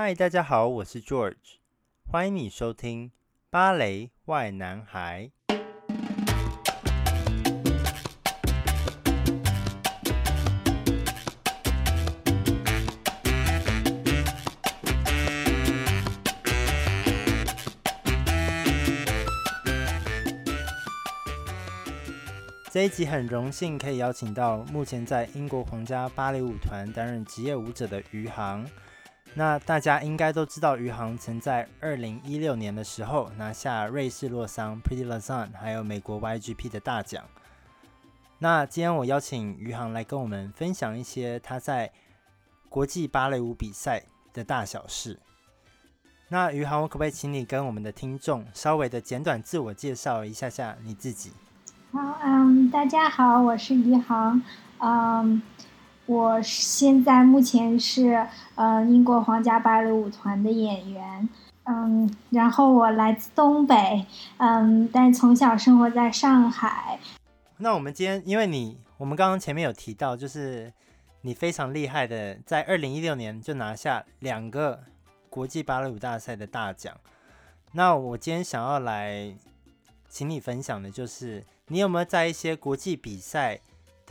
嗨，大家好，我是 George，歡迎你收聽《芭蕾 why 男孩》，這一集很榮幸可以邀請到目前在英國皇家芭蕾舞團擔任職業舞者的於航。那大家應該都知道，余杭曾在二零一六年的時候拿下瑞士洛桑 （Pretty l a z o n e 還有美國 YGP 的大獎。那今天我邀請余杭來跟我們分享一些他在國際芭蕾舞比賽的大小事。那余杭，我可不可以請你跟我們的聽眾稍微的簡短自我介紹一下下你自己？好，嗯，大家好，我是余杭，嗯。我現在目前是嗯、呃、英國皇家芭蕾舞團的演員，嗯，然後我來自東北，嗯，但從小生活在上海。那我們今天因為你，我們剛剛前面有提到，就是你非常厲害的，在二零一六年就拿下兩個國際芭蕾舞大賽的大獎。那我今天想要來，請你分享的就是，你有沒有在一些國際比賽？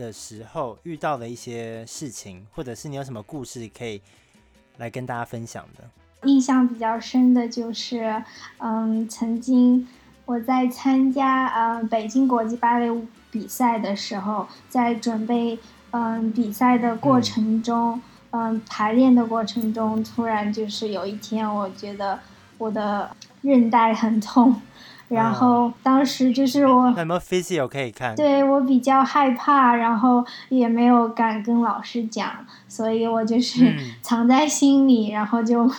的時候遇到了一些事情，或者是你有什麼故事可以來跟大家分享的？印象比較深的就是，嗯，曾經我在參加嗯北京國際芭蕾舞比賽的時候，在準備嗯比賽的過程中，嗯，嗯，排練的過程中，突然就是有一天，我覺得我的韌帶很痛。然後當時就是我，可以看？對，我比較害怕，然後也沒有敢跟老師講，所以我就是藏在心裡，然後就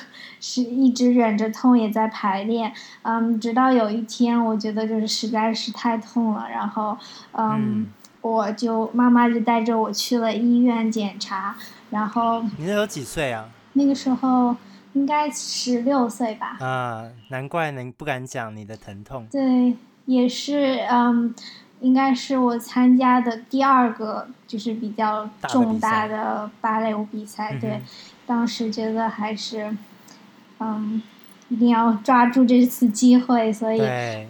是一直忍着痛也在排練。嗯，直到有一天，我覺得就是實在是太痛了，然後嗯，我就媽媽就帶着我去了醫院檢查，然後你那有幾歲啊？那個時候。應該十六歲吧。啊，難怪能不敢講你的疼痛。對，也是，嗯，應該是我參加的第二個就是比較重大的芭蕾舞比賽。比賽。對，嗯，當時覺得還是，嗯，一定要抓住這次機會，所以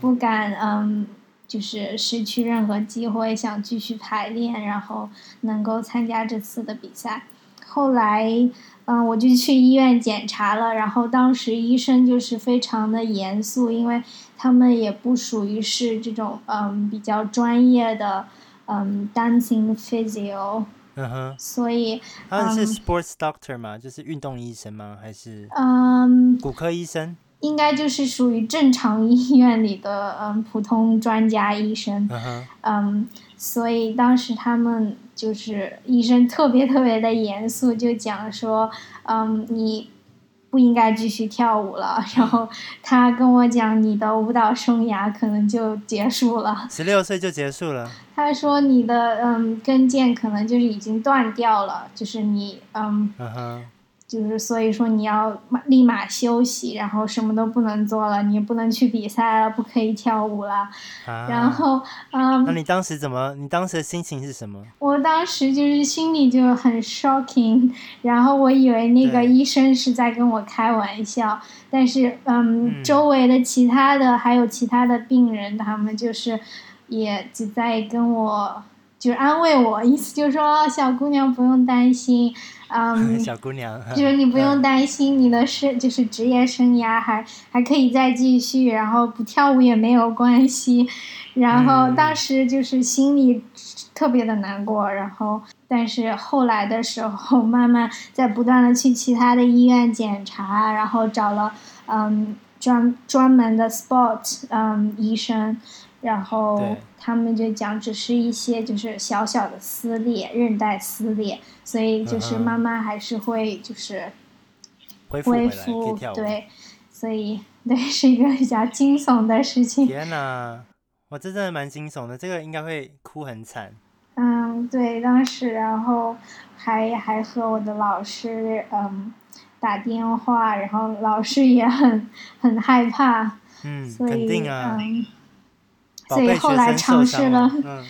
不敢，嗯，就是失去任何機會，想繼續排練，然後能夠參加這次的比賽。後來。嗯，我就去醫院檢查了，然後當時醫生就是非常的嚴肅，因為他們也不屬於是這種嗯比較專業的嗯 dancing physio，嗯哼，所以他們是 sports doctor 嗎？嗯，就是運動醫生嗎？還是嗯骨科醫生？嗯應該就是屬於正常醫院裡的嗯普通專家醫生，Uh-huh. 嗯，所以當時他們就是醫生特別特別的嚴肅，就講說嗯你不應該繼續跳舞了，然後他跟我講你的舞蹈生涯可能就結束了，十六歲就結束了。他說你的嗯跟腱可能就是已經斷掉了，就是你嗯。Uh-huh. 就是所以說你要馬立馬休息，然後什麼都不能做了，你也不能去比賽了，不可以跳舞了。啊。然後，嗯，那你當時怎麼？你當時的心情是什麼？我當時就是心裡就很 shocking，然後我以為那個醫生是在跟我開玩笑，但是嗯，嗯，周圍的其他的還有其他的病人，他們就是也只在跟我。就是安慰我，意思就是說，哦，小姑娘不用擔心，嗯，小姑娘，就是你不用擔心你的事，嗯，就是職業生涯還還可以再繼續，然後不跳舞也沒有關係。然後當時就是心裡特別的難過，然後但是後來的時候，慢慢在不斷的去其他的醫院檢查，然後找了嗯專專門的 sport 嗯醫生，然後。他們就講，只是一些就是小小的撕裂，韌帶撕裂，所以就是慢慢還是會就是、嗯、恢復回來，恢復，可以跳舞。對，所以那是一個比較驚悚的事情。天哪，我這真的蠻驚悚的，這個應該會哭很慘。嗯，對，當時然後還還和我的老師嗯打電話，然後老師也很很害怕。嗯，所以肯定啊。嗯所以後來嘗試了，了嗯、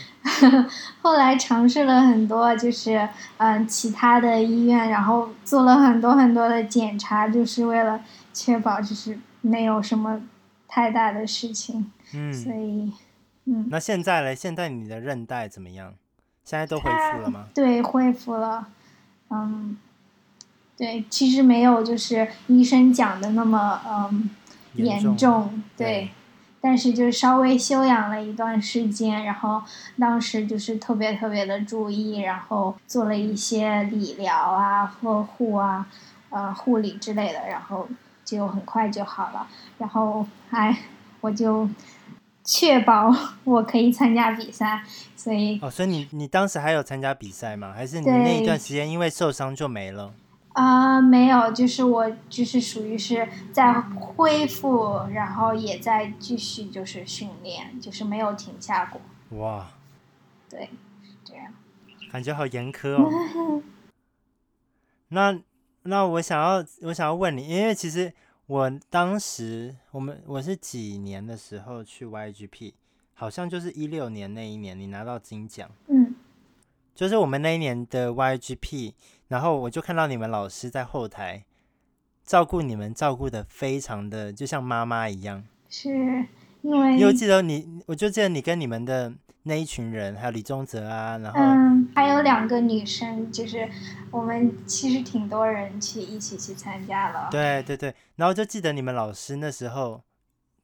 後來嘗試了很多，就是嗯、呃、其他的醫院，然後做了很多很多的檢查，就是為了確保就是沒有什麼太大的事情。嗯，所以嗯，那現在呢？現在你的韌帶怎麼樣？現在都恢復了嗎？對，恢復了。嗯，對，其實沒有，就是醫生講的那麼嗯嚴重，嚴重。對。嗯但是就稍微休養了一段時間，然後當時就是特別特別的注意，然後做了一些理療啊、呵護啊、呃護理之類的，然後就很快就好了。然後還我就確保我可以參加比賽，所以哦，所以你你當時還有參加比賽嗎？還是你那一段時間因為受傷就沒了？啊、呃，沒有，就是我就是屬於是在恢復，然後也在繼續就是訓練，就是沒有停下過。哇，對，是這樣，感覺好嚴苛哦。 那那我想要我想要問你，因為其實我當時我們我是幾年的時候去 YGP，好像就是一六年那一年你拿到金獎。嗯就是我們那一年的 YGP，然後我就看到你們老師在後台照顧你們，照顧得非常的就像媽媽一樣。是因為你記得你，我就記得你跟你們的那一群人，還有李宗澤啊，然後、嗯、還有兩個女生，就是我們其實挺多人去一起去參加了。對對對，然後就記得你們老師那時候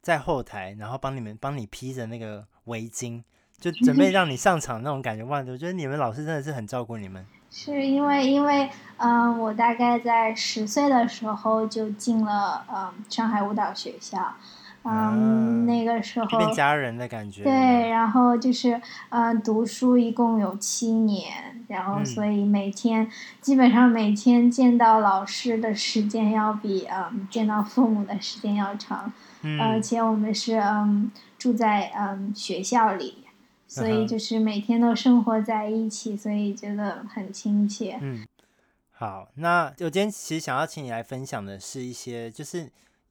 在後台，然後幫你們幫你披着那個圍巾。就準備讓你上場那種感覺， 我覺得你們老師真的是很照顧你們。是因為，因為，嗯、呃，我大概在十歲的時候就進了嗯、呃、上海舞蹈學校，呃、嗯，那個時候變家人的感覺。對，然後就是嗯、呃、讀書一共有七年，然後所以每天、嗯、基本上每天見到老師的時間要比嗯、呃、見到父母的時間要長，嗯、而且我們是嗯、呃、住在嗯、呃、學校裡。所以就是每天都生活在一起，所以覺得很親切。嗯，好，那我今天其實想要請你來分享的是一些，就是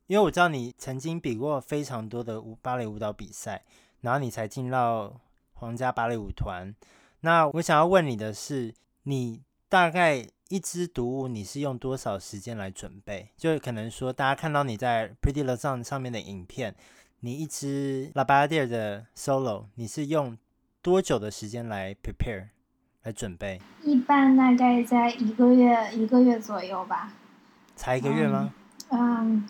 因為我知道你曾經比過非常多的舞芭蕾舞蹈比賽，然後你才進到皇家芭蕾舞團。那我想要問你的是，你大概一支獨舞你是用多少時間來準備？就可能說大家看到你在 Prix de Lausanne 上面的影片，你一支 La Bayadère 的 solo 你是用多久的時間來 prepare 來準備？一般大概在一個月一個月左右吧。才一個月嗎？嗯，um, um,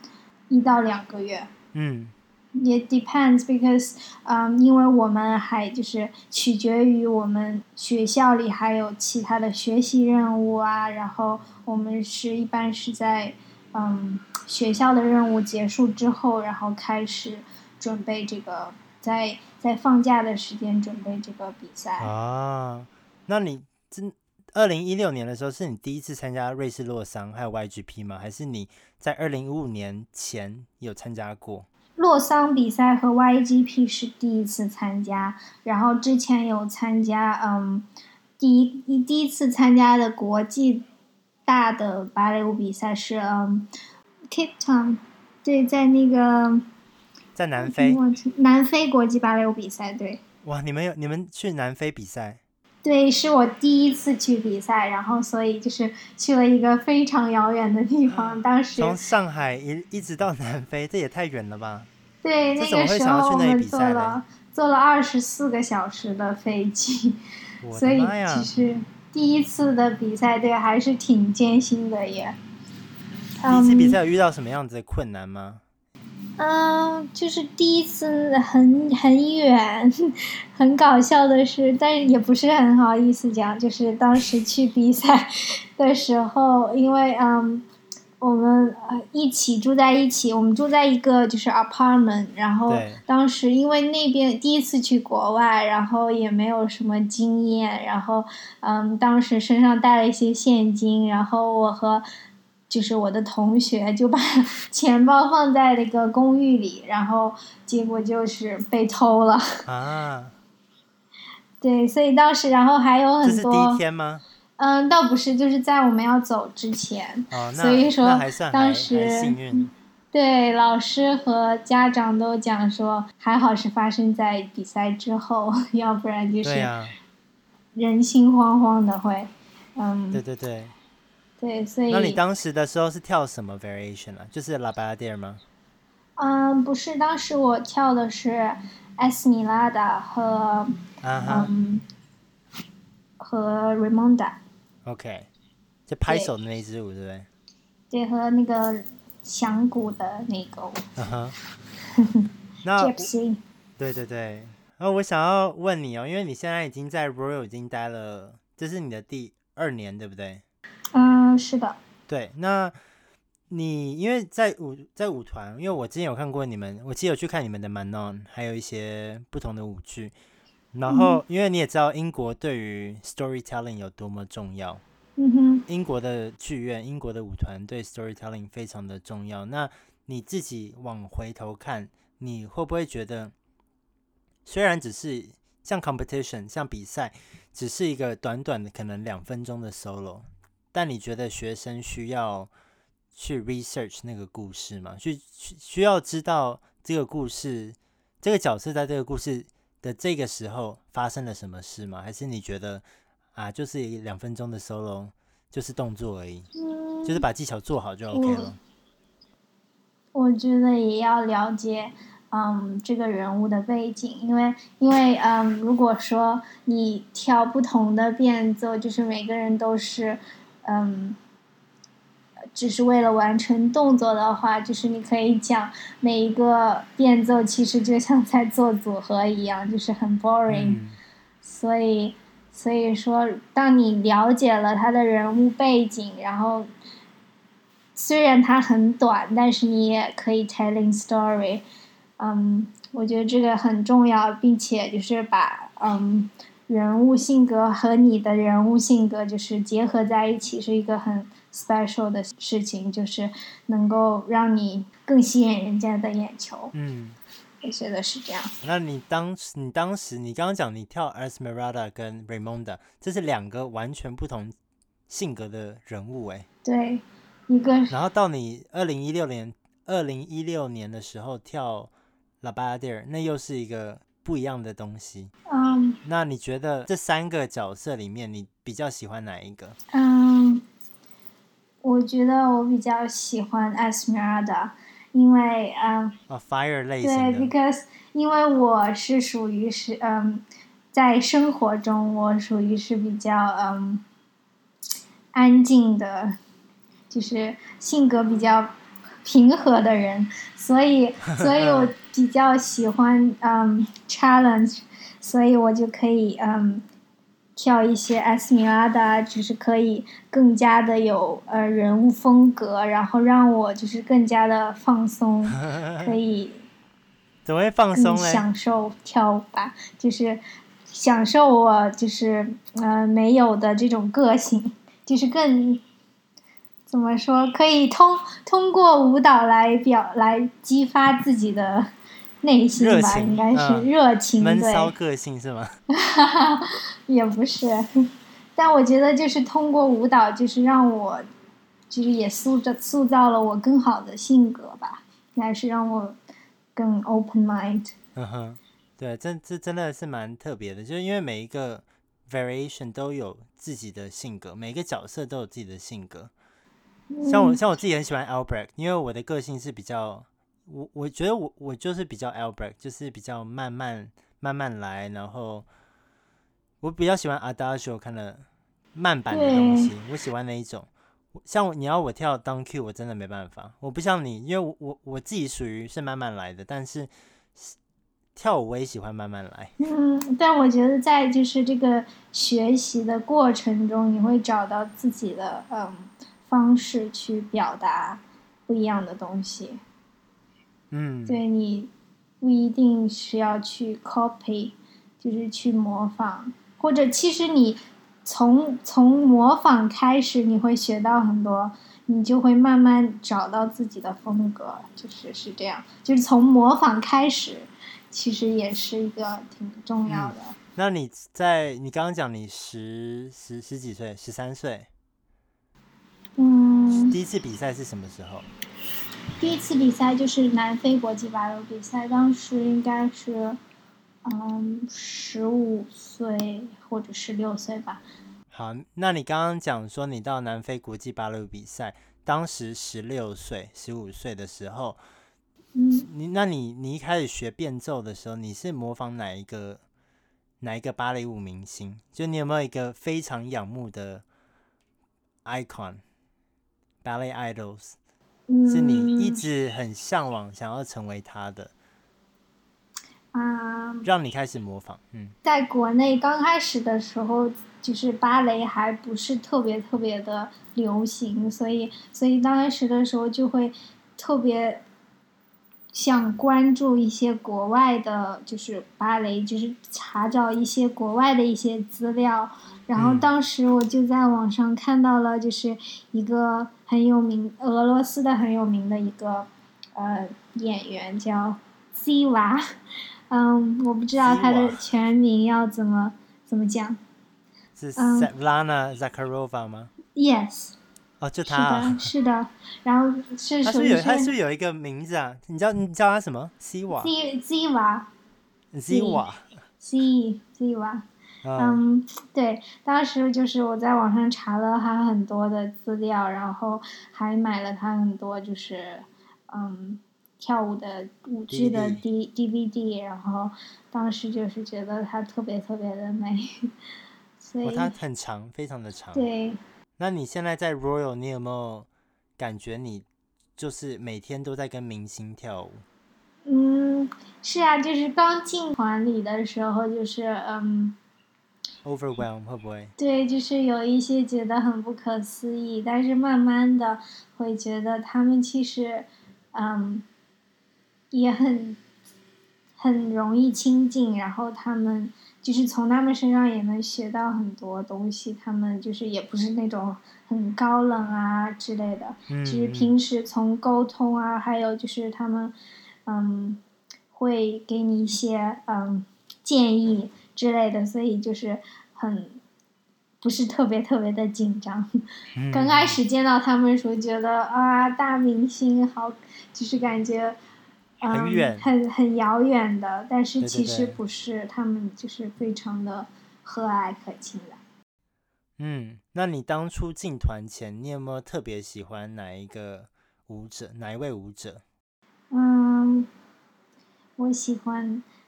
一到兩個月。嗯。It depends because 啊、um,，因為我們還就是取決於我們學校裡還有其他的學習任務啊，然後我們是一般是在嗯、um, 學校的任務結束之後，然後開始準備這個。在在放假的時間準備這個比賽啊？那你真二零一六年的時候是你第一次參加瑞士洛桑還有 YGP 嗎？還是你在二零一五年前有參加過洛桑比賽和 YGP？是第一次參加，然後之前有參加嗯，第一你第一次參加的國際大的芭蕾舞比賽是嗯 Cape Town，對，在那個。在南非，南非國際芭蕾舞比賽，對，哇，你們有你們去南非比賽？對，是我第一次去比賽，然後所以就是去了一個非常遙遠的地方。嗯、當時從上海一一直到南非，這也太遠了吧？對，那個時候去那比賽我們坐了坐了二十四個小時的飛機，所以其實第一次的比賽對還是挺艱辛的耶。第一次比賽有遇到什麼樣子的困難嗎？Um, 嗯，就是第一次很很遠，很搞笑的是，但也不是很好意思講。就是當時去比賽的時候，因為嗯，我們一起住在一起，我們住在一個就是 apartment，然後當時因為那邊第一次去國外，然後也沒有什麼經驗，然後嗯，當時身上帶了一些現金，然後我和。就是我的同學就把錢包放在那個公寓裡，然後結果就是被偷了啊！對，所以當時然後還有很多是第一天嗎？嗯，倒不是，就是在我們要走之前、哦、所以說還還當時、嗯、對老師和家長都講說，還好是發生在比賽之後，要不然就是人心惶惶的會、啊、嗯，對對對。對，所以那你當時的時候是跳什麼 variation 啊？就是 La Bayadère 嗎？嗯，不是，當時我跳的是 Esmeralda 和、啊、哈嗯和 Raymonda。OK，就拍手的那一支舞，對不對？對，和那個響鼓的那個舞。嗯、啊、哼。 那，呵。Gypsy 對對對。然、哦、後我想要問你哦，因為你現在已經在 Royal 已經待了，這是你的第二年，對不對？是的，對。那你因為在舞在舞團，因為我之前有看過你們，我其實有去看你們的《Manon》，還有一些不同的舞劇。然後，嗯、因為你也知道，英國對於 storytelling 有多麼重要。嗯哼。英國的劇院，英國的舞團對 storytelling 非常的重要。那你自己往回頭看，你會不會覺得，雖然只是像 competition，像比賽，只是一個短短的可能兩分鐘的 solo。但你覺得學生需要去 research 那個故事嗎？去需需要知道這個故事，這個角色在這個故事的這個時候發生了什麼事嗎？還是你覺得啊，就是兩分鐘的 solo 就是動作而已，嗯，就是把技巧做好就 OK 了？我覺得也要了解，嗯，這個人物的背景，因為因為嗯，如果說你挑不同的變奏，就是每個人都是。嗯，um，只是為了完成動作的話，就是你可以講每一個變奏，其實就像在做組合一樣，就是很 boring。嗯。所以，所以說，當你了解了他的人物背景，然後雖然它很短，但是你也可以 telling story。嗯，我覺得這個很重要，並且就是把嗯。人物性格和你的人物性格就是結合在一起，是一個很 special 的事情，就是能夠讓你更吸引人家的眼球。嗯，我覺得是這樣。那你當時，你當時，你剛剛講你跳《Esmeralda》跟《Raymonda》，這是兩個完全不同性格的人物，哎，對，一個。然後到你二零一六年，二零一六年的時候跳《La Bayadère》，那又是一個不一樣的東西。啊，uh。那你覺得這三個角色裡面，你比較喜歡哪一個？嗯、um，我覺得我比較喜歡 Esmeralda 的，因為嗯，a fire 類型的，對，because 因為我是屬於是嗯，um, 在生活中我屬於是比較嗯、um, 安靜的，就是性格比較平和的人，所以， 所以我比較喜歡嗯、um, challenge。所以我就可以嗯，跳一些艾斯米拉達，就是可以更加的有呃人物風格，然後讓我就是更加的放鬆，可以怎麼放鬆呢？享受跳舞吧，就是享受我就是呃沒有的這種個性，就是更怎麼說，可以通通過舞蹈來表來激發自己的內心吧，應該是熱情、嗯，悶騷個性是嗎？ 也不是，但我覺得就是通過舞蹈，就是讓我，就是也塑造塑造了我更好的性格吧，應該是讓我更 open mind。嗯哼，對，這這真的是蠻特別的，就是因為每一個 variation 都有自己的性格，每個角色都有自己的性格。像我，像我自己很喜歡 Albrecht，因為我的個性是比較。我我覺得我我就是比較 Albert，就是比較慢慢慢慢來，然後我比較喜歡 Adagio 看的慢板的東西，我喜歡那一種。像你要我跳 Don Q，我真的沒辦法，我不像你，因為我我我自己屬於是慢慢來的，但是跳舞我也喜歡慢慢來。嗯，但我覺得在就是這個學習的過程中，你會找到自己的嗯方式去表達不一樣的東西。嗯，對，你不一定需要去 copy，就是去模仿，或者其實你從從模仿開始，你會學到很多，你就會慢慢找到自己的風格，就是是這樣，就是從模仿開始，其實也是一個挺重要的。嗯，那你在你剛剛講你十十十幾歲，十三歲，嗯，第一次比賽是什麼時候？第一次比賽就是南非國際芭蕾比賽，當時應該是，嗯，十五歲或者十六歲吧。好，那你剛剛講說你到南非國際芭蕾比賽，當時十六歲、十五歲的時候，嗯，你那你你一開始學變奏的時候，你是模仿哪一個哪一個芭蕾舞明星？就你有沒有一個非常仰慕的 icon，ballet idols？是你一直很嚮往、想要成為他的，啊、嗯、讓你開始模仿，嗯，在國內剛開始的時候，就是芭蕾還不是特別特別的流行，所以，所以剛開始的時候就會特別想關注一些國外的，就是芭蕾，就是查找一些國外的一些資料。然後當時我就在網上看到了，就是一個很有名俄羅斯的很有名的一個呃演員叫扎娃，嗯，我不知道他的全名要怎麼怎麼講，是 Svetlana Zakharova 嗎，嗯？Yes。哦，就他、啊是。是的。然後是首他是不是有他是不是有一個名字啊，你叫你叫他什麼？扎娃。扎扎娃。扎娃。扎扎娃。嗯、uh, um,，對，當時就是我在網上查了他很多的資料，然後還買了他很多就是嗯跳舞的舞劇的 D DVD，然後當時就是覺得他特別特別的美，所以、哦、他很長，非常的長。對，那你現在在 Royal，你有沒有感覺你就是每天都在跟明星跳舞？嗯，是啊，就是剛進團裡的時候，就是嗯。overwhelm，會不會？對，就是有一些覺得很不可思議，但是慢慢的會覺得他們其實，嗯，也很很容易親近，然後他們就是從他們身上也能學到很多東西。他們就是也不是那種很高冷啊之類的，嗯、就是平時從溝通啊，還有就是他們，嗯，會給你一些嗯建議。之類的，所以就是很不是特別特別的緊張。剛、 嗯、開始見到他們的時候，覺得啊，大明星好，就是感覺很遠，嗯，很很遙遠的。但是其實不是對對對，他們就是非常的和藹可親的。嗯，那你當初進團前，你有沒有特別喜歡哪一個舞者？哪一位舞者？嗯，我喜歡。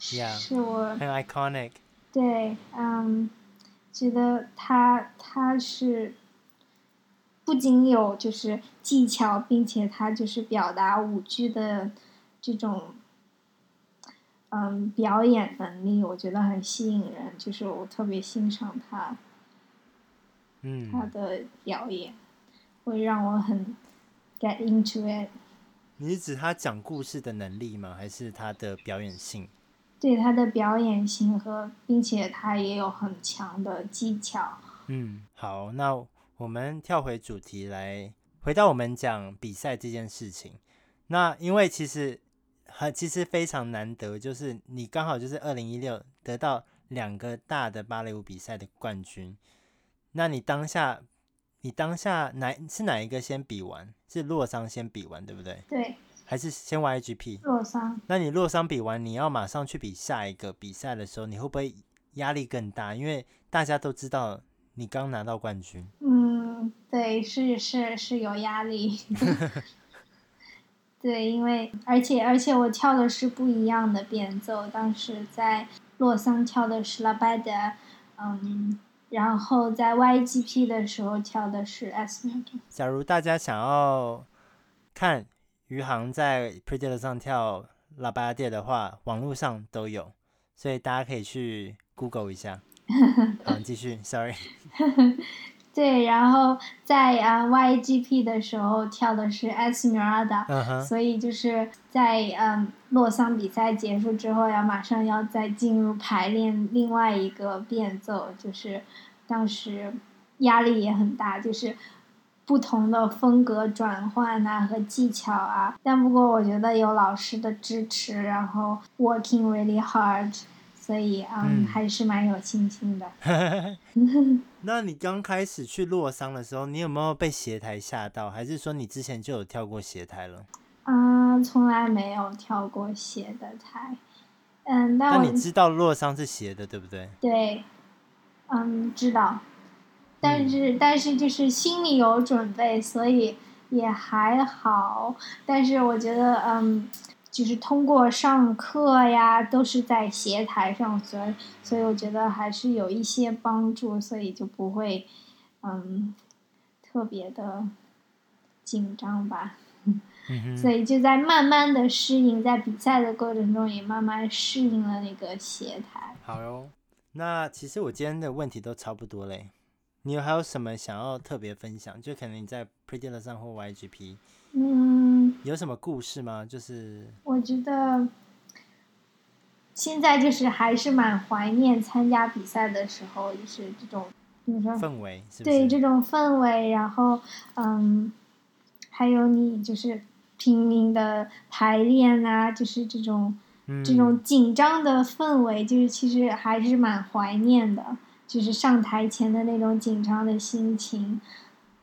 Yeah, 是我。很 iconic。對，嗯，um，覺得他他是不僅有就是技巧，並且他就是表達舞劇的這種嗯表演能力，我覺得很吸引人。就是我特別欣賞他，嗯，他的表演會讓我很 get into it。你是指他講故事的能力嗎？還是他的表演性？對，他的表演性，和，並且他也有很強的技巧。嗯，好，那我們跳回主題來，回到我們講比賽這件事情。那因為其實很，其實非常難得，就是你剛好就是二零一六得到兩個大的芭蕾舞比賽的冠軍。那你當下，你當下哪是哪一個先比完？是洛桑先比完，對不對？對。還是先 YGP 洛桑。那你洛桑比完，你要馬上去比下一個比賽的時候，你會不會壓力更大？因為大家都知道你剛拿到冠軍。嗯，對，是是是有壓力。 對，因為而且而且我跳的是不一樣的變奏。當時在洛桑跳的是 La Bayadère 嗯，然後在 YGP 的時候跳的是 s m d 假如大家想要看。於航在 Prix de Lausanne 上跳《La Bayadère》的話，網絡上都有，所以大家可以去 Google 一下。 嗯，繼續，Sorry。 對，然後在啊、uh, YGP 的時候跳的是《Esmeralda》，uh-huh，所以就是在嗯、um, 洛桑比賽結束之後，要馬上要再進入排練另外一個變奏，就是當時壓力也很大，就是。不同的風格轉換啊和技巧啊，但不過我覺得有老師的支持，然後 working really hard，所以嗯，嗯，還是蠻有信心的。 那你剛開始去洛桑的時候，你有沒有被斜台嚇到，還是說你之前就有跳過斜台了？啊、嗯，從來沒有跳過斜的台。嗯，那你知道洛桑是斜的，對不對？對，嗯，知道。但是，但是就是心裡有準備，所以也還好。但是我覺得，嗯，就是通過上課呀，都是在斜台上，所以所以我覺得還是有一些幫助，所以就不會，嗯，特別的緊張吧、嗯。所以就在慢慢的適應，在比賽的過程中也慢慢適應了那個斜台。好喲、哦，那其實我今天的問題都差不多嘞。你還有什麼想要特別分享？就可能你在 Prix de Lausanne 上或 YGP，嗯，有什麼故事嗎？就是我覺得現在就是還是蠻懷念參加比賽的時候，就是這種你說氛圍是不是？對，這種氛圍，然後嗯，還有你就是拼命的排練啊，就是這種、嗯、這種緊張的氛圍，就是其實還是蠻懷念的。就是上台前的那種緊張的心情，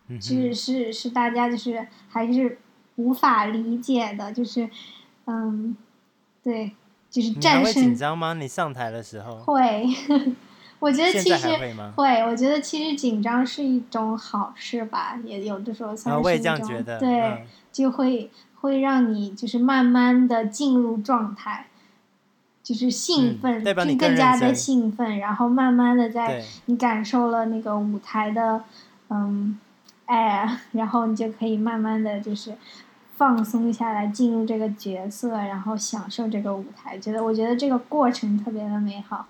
嗯，實、就是是大家就是還是無法理解的，就是嗯，對，就是戰勝你會緊張嗎？你上台的時候會， 我覺得其實會、會，我覺得其實緊張是一種好事吧，也有的時候算是一種、啊、我也這樣覺得，對，嗯，就會會讓你就是慢慢的進入狀態。就是興奮，就、嗯、更，更加的興奮，然後慢慢的在你感受了那個舞台的，嗯，哎、啊，然後你就可以慢慢的就是放鬆下來，進入這個角色，然後享受這個舞台。覺得我覺得這個過程特別的美好。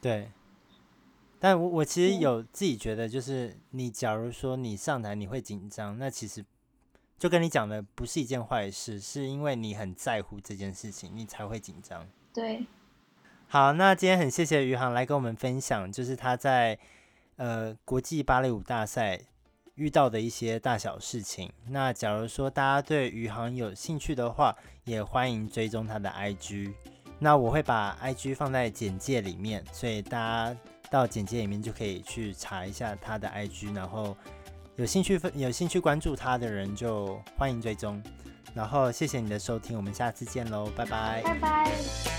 對，但我我其實有自己覺得，就是你假如說你上台你會緊張，那其實就跟你講的不是一件壞事，是因為你很在乎這件事情，你才會緊張。對。好，那今天很謝謝於航來跟我們分享，就是他在呃國際芭蕾舞大賽遇到的一些大小事情。那假如說大家對於航有興趣的話，也歡迎追蹤他的 IG。那我會把 IG 放在簡介裡面，所以大家到簡介裡面就可以去查一下他的 IG，然後有興趣分有興趣關注他的人就歡迎追蹤。然後謝謝你的收聽，我們下次見嘍，拜拜，拜拜。